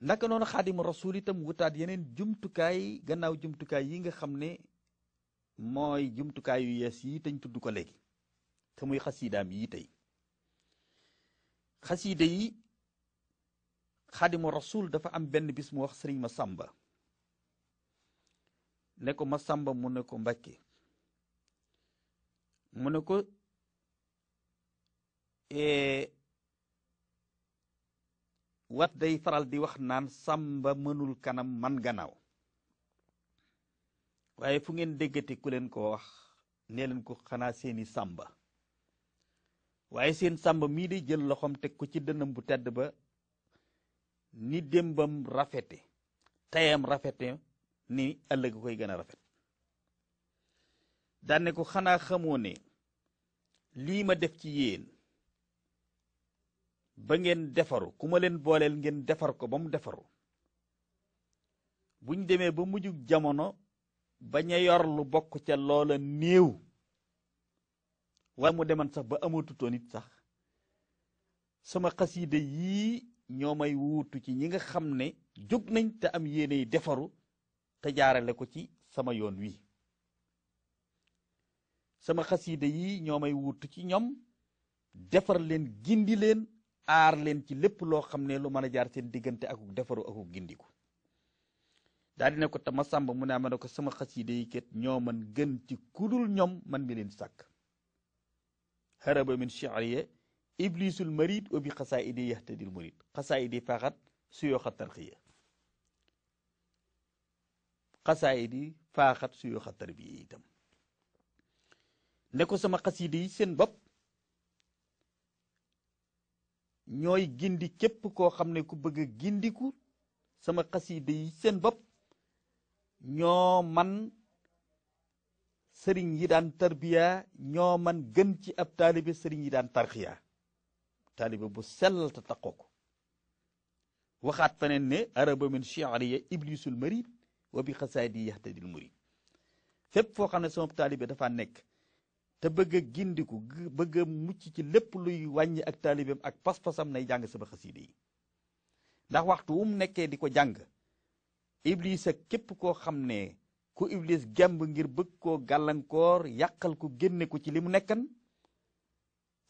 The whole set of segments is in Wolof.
naka noonu xaadimu rasul itam wutaat yeneen jumtukaay gannaaw jumtukaay yi nga xam ne mooy jumtukaay yu yees yi tañ tudd ko léegi te muy xasiidaam yi tey xasiida yi xaadimu rasul dafa am benn bis mu wax sëriñ ma sàmba ne ko ma sàmba mu ne ko mbàkke mu ne ko eh, wat day faral di wax naan sàmba mënul kanam man gannaaw waaye fu ngeen déggate ku leen ko wax nee leen ko xanaa seeni sàmba waaye seen sàmba mii di jël loxoom teg ko ci dënnam bu tedd ba ni démbam rafete tayam rafete ni ëllëg koy gën a rafet daane ko xanaa xamoo ne lii ma def ci yéen ba ngeen defaru ku ma leen booleel ngeen defar ko ba mu defaru buñ demee ba mujjug jamono bañ a yor lu bokk ca loola néew wala mu deman sax ba amatutoon nit sax sama xasiida yii ñoo may wuutu ci ñi nga xam ne jóg nañ te am yéeney defaru te jaarale ko ci sama yoon wi sama xasiida yii ñoo may wuutu ci ñoom defar leen gindi leen aar leen ci lépp loo xam ne lu mën a jaar seen diggante akuk defaru akuk gindiku daldi dina ko tama sàmb mu ne ma ne ko sama xasida yi kat ñoo man gën ci kudul ñoom man mi leen sàkk haraba min shi'riya iblisul marid wa bi xasaidi yahtadil murid xasaidi faxat suyooxa tarxiya xasaidi faaxat suyooxa tarbiya itam ne ko sama xasida yi seen bopp ñooy gindi képp koo xam ne ku bëgg a gindiku sama xasida yi seen bopp ñoo man sëriñ yi daan tarbiya ñoo man gën ci ab taalibe sëriñ yi daan tarxiya taalibe bu sellal te taqoo ko waxaat feneen ne araba min shi'riya iblisul marid wa bi xasaidi yahtadil murid fépp foo xam ne sama taalibe dafa nekk te bëgg a gindiku bëgg a mucc ci lépp luy wàññi ak taalibeem ak pas-pasam nay jàng sama xasiida yi ndax waxtu wu mu nekkee di ko jàng iblis ak képp koo xam ne ku iblis gemb ngir bëgg koo gàllankoor yàqal ko génne ko ci li mu nekkan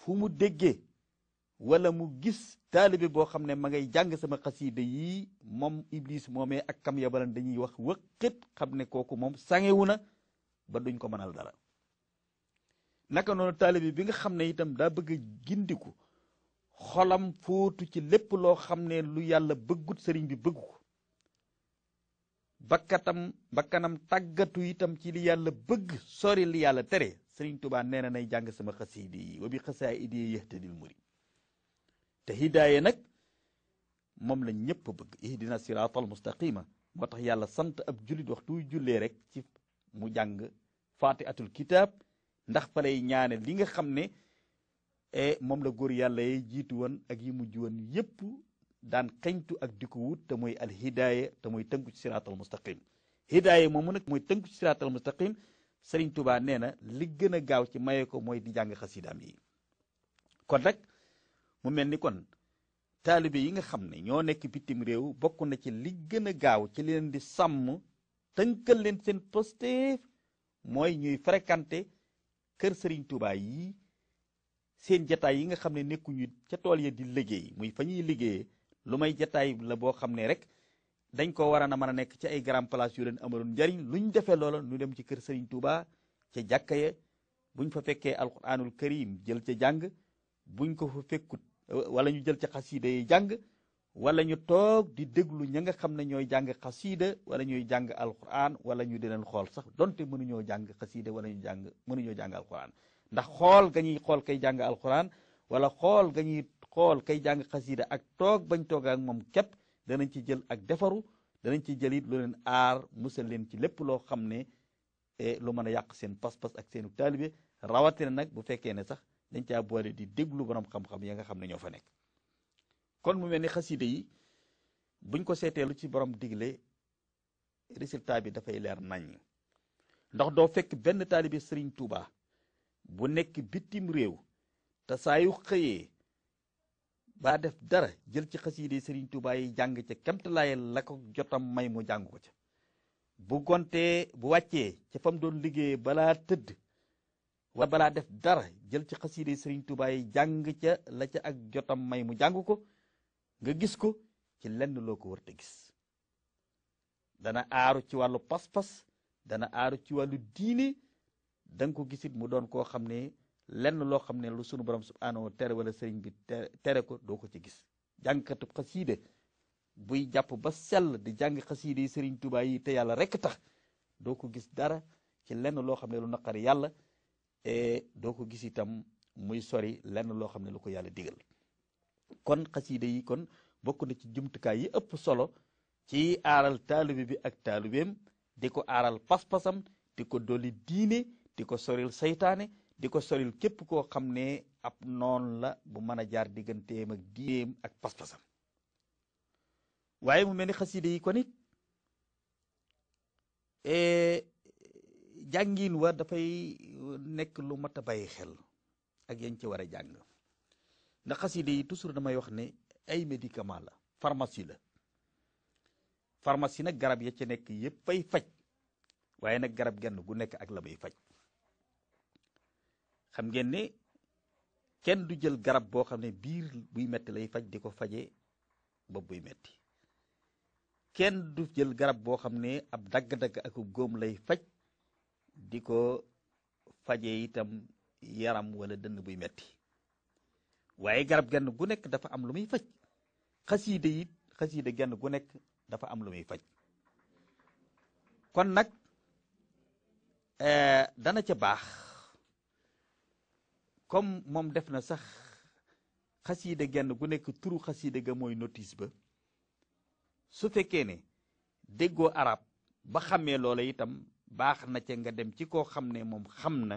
fu mu déggee walla mu gis taalibe boo xam ne ma ngay jàng sama xasiida yi moom iblis moomee ak kam yabalan dañuy wax wëqit xam ne kooku moom sangewu na ba duñ ko mënal dara naka noonu taalibe bi nga xam ne itam daa bëgg a gindiku xolam fóotu ci lépp loo xam ne lu yàlla bëggut sëriñ bi bëgg ko bakkatam bakkanam tàggatu itam ci li yàlla bëgg sori li yàlla tere sëriñ Tuubaa nee na nay jàng sama xasiidi yi wa bi xasaa'idi yahtadil murid te hidaaya nag moom la ñëpp bëgg ihdina siraatal mustaqima moo tax yàlla sant ab jullit waxtu jullee rek ci mu jàng faatihatul kitaab ndax fa yi ñaane li nga xam ne e, moom la góor yàlla yi jiitu woon ak yi mujj woon yépp daan xeñtu ak di ko wut te mooy al hidaaya te mooy tënku ci siraatal mustaqim hidaaya moomu nag mooy tënku ci siraatal mustaqim Sëriñ Tuubaa nee na li gën a gaaw ci maye ko mooy di jàng xasidaam yi kon nag mu mel ni kon taalibe yi nga xam ne ñoo nekk bitim réew bokk na ci li gën a gaaw ci leen di sàmm tënkal leen seen posté mooy ñuy fréquenté kër sëriñ Touba yi seen jataay yi nga xam ne nekkuñu ca tool ya di liggéey muy fa ñuy liggéeye lu may jataay la boo xam ne rek dañ ko war a mën a nekk ci ay grand place yu leen amaloon njariñ lu ñu defee loola dem ci kër sëriñ Touba ca jàkka ya buñ fa fekkee alquranul karim jël ca jàng buñ ko fa fekkut wala ñu jël ca xasida yi jàng wala ñu toog di déglu ña nga xam ne ñooy jàng xasiida wala ñuy jàng alquran wala ñu di leen xool sax donte mënuñoo jàng xasiida wala ñu jàng mënuñoo jàng alquran ndax xool ga ñuy xool kay jàng alquran wala xool ga ñuy xool kay jàng xasiida ak toog bañ toog ak moom képp danañ ci jël ak defaru danañ ci jëlit lu leen aar musal leen ci lépp loo xam ne e, lu mën a yàq seen pas-pas ak seenu taalibe rawatina nag bu fekkee ne sax dañ caa boole di déglu borom xam ya nga xam ne ñoo fa nekk kon mu mel ni xaside yi buñ ko seetee seeteelu ci borom digle résultat bi dafay leer nañ ndax doo fekk benn taalibe sëriñ Tuuba bu nekk bitim réew te saa yu xëyee baa def dara jël ci xaside sëriñ Tuuba jàng ca kemtalaay la ko jotam may mu jàng ko ca bu gontee bu wàccee ca mu doon liggéeye balaa tëdd wala balaa def dara jël ci xaside sëriñ Tuuba jàng ca la ca ak jotam may mu jàng ko nga gis ko ci lenn loo ko war gis dana aaru ci wàllu pas-pas dana aaru ci wàllu diine da nga ko gisit mu doon koo xam ne lenn loo xam ne lu sunu borom subhanahu wa tere wala sëriñ bi tere ko doo ko ci gis jàngkatu xasiide buy jàpp ba sell di jàng xasiide yi sëriñ Tuubaa yi te yàlla rekk tax doo ko gis dara ci lenn loo xam ne lu naqari yàlla eh, doo ko gis itam muy sori lenn loo xam ne lu ko yàlla digal kon xasiida yi kon bokk na ci jumtukaay yi ëpp solo ci aaral taalibe bi ak taalibeem di ko aaral pas-pasam di ko dolli diine di ko soril seytaane di ko soril képp koo xam ne ab noon la bu mën a jaar digganteem ak diineem ak pas-pasam waaye mu mel ni xasiida yi kon it e, jàngin wa dafay nekk lu mat a bàyyi xel ak yañ ci war a jàng ndax xaside yi toujours damay wax ne ay médicament la pharmacie la pharmacie nag garab ya ci nekk yépp fay faj waaye nag garab genn gu nekk ak la muy faj xam ngeen ni kenn du jël garab boo xam ne biir buy metti lay faj di ko faje bopp buy metti kenn du jël garab boo xam ne ab dagg-dagg ak góom lay faj di ko faje itam yaram wala dënn buy metti waaye garab genn gu nekk dafa am lu muy faj xasiida it xasiida genn gu nekk dafa am lu muy faj kon nag eh, dana ca baax comme moom def na sax xasiida genn gu nekk turu xasiida ga mooy notice ba su fekkee ne déggoo arab ba xamee loola itam baax na ca nga dem ci koo xam ne moom xam na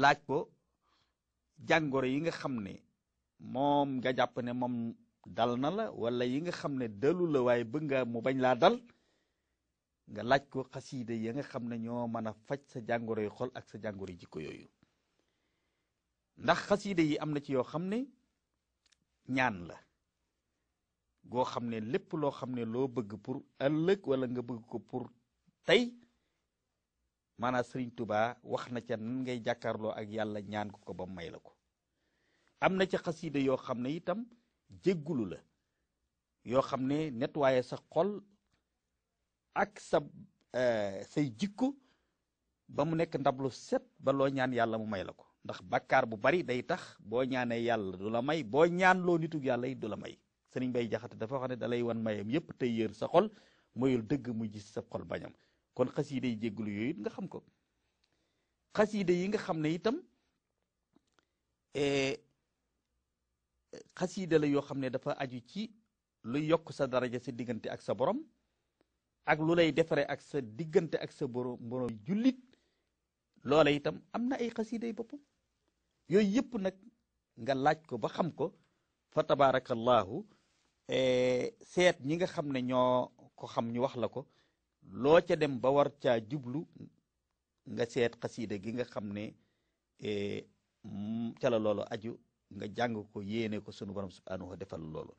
laaj ko jàngoro yi nga xam ne moom nga jàpp ne moom dal na la wala yi nga xam ne dalu la waaye bëgg nga mu bañ laa dal nga laaj ko xasiida ya nga xam ne ñoo mën a faj sa jàngoro yu xol ak sa jàngoro yi jikko yooyu ndax xasiida yi am na ci yoo xam ne ñaan la goo xam ne lépp loo xam ne loo bëgg pour ëllëg walla nga bëgg ko pour tey maanaa sëriñ tubaa wax na ca nan ngay jàkkaarloo ak yàlla ñaan ko ko ba may la ko am na ca xasida yoo xam ne itam jéggulu la yoo xam ne nettoyé sa xol ak sa e, say jikko ba mu nekk ndab lu set ba loo ñaan yàlla mu may la ko ndax bàkkaar bu bari day tax boo ñaanee yàlla du la may boo ñaan loo nitug yàlla yi du la may Serigne Bay Jaxate dafa wax ne dalay wan mayam yépp tey yër sa xol mayul dëgg mu gis sa xol bañam kon xasiida yi jégglu yooyu it nga xam ko xasiida yi nga xam ne itam eh, xasiida la yoo xam ne dafa aju ci luy yokk sa daraja sa diggante ak sa borom ak lu lay defare ak sa diggante ak sa borom borom jullit loola itam am na ay xasiida yi boppam yooyu yëpp nag nga laaj ko ba xam ko fa tabaarakallaahu eh, seet ñi nga xam ne ñoo ko xam ñu wax la ko loo ca dem ba war caa jublu nga seet xasiida gi nga xam ne eh, mm, ca la loolu aju nga jàng ko yéene ko sunu borom subhanahu wa defal loolu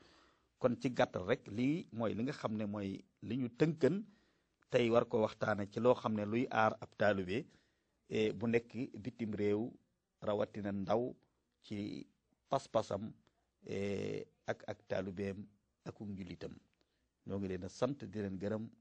kon ci gàttal rek lii mooy li nga xam ne mooy li ñu tënkan tey war ko waxtaane ci loo xam ne luy aar ab taalibe eh, bu nekk bitim réew rawatina ndaw ci pas-pasam eh, ak ak taalubeem ak njullitam ñoo ngi leen a sant di leen gërëm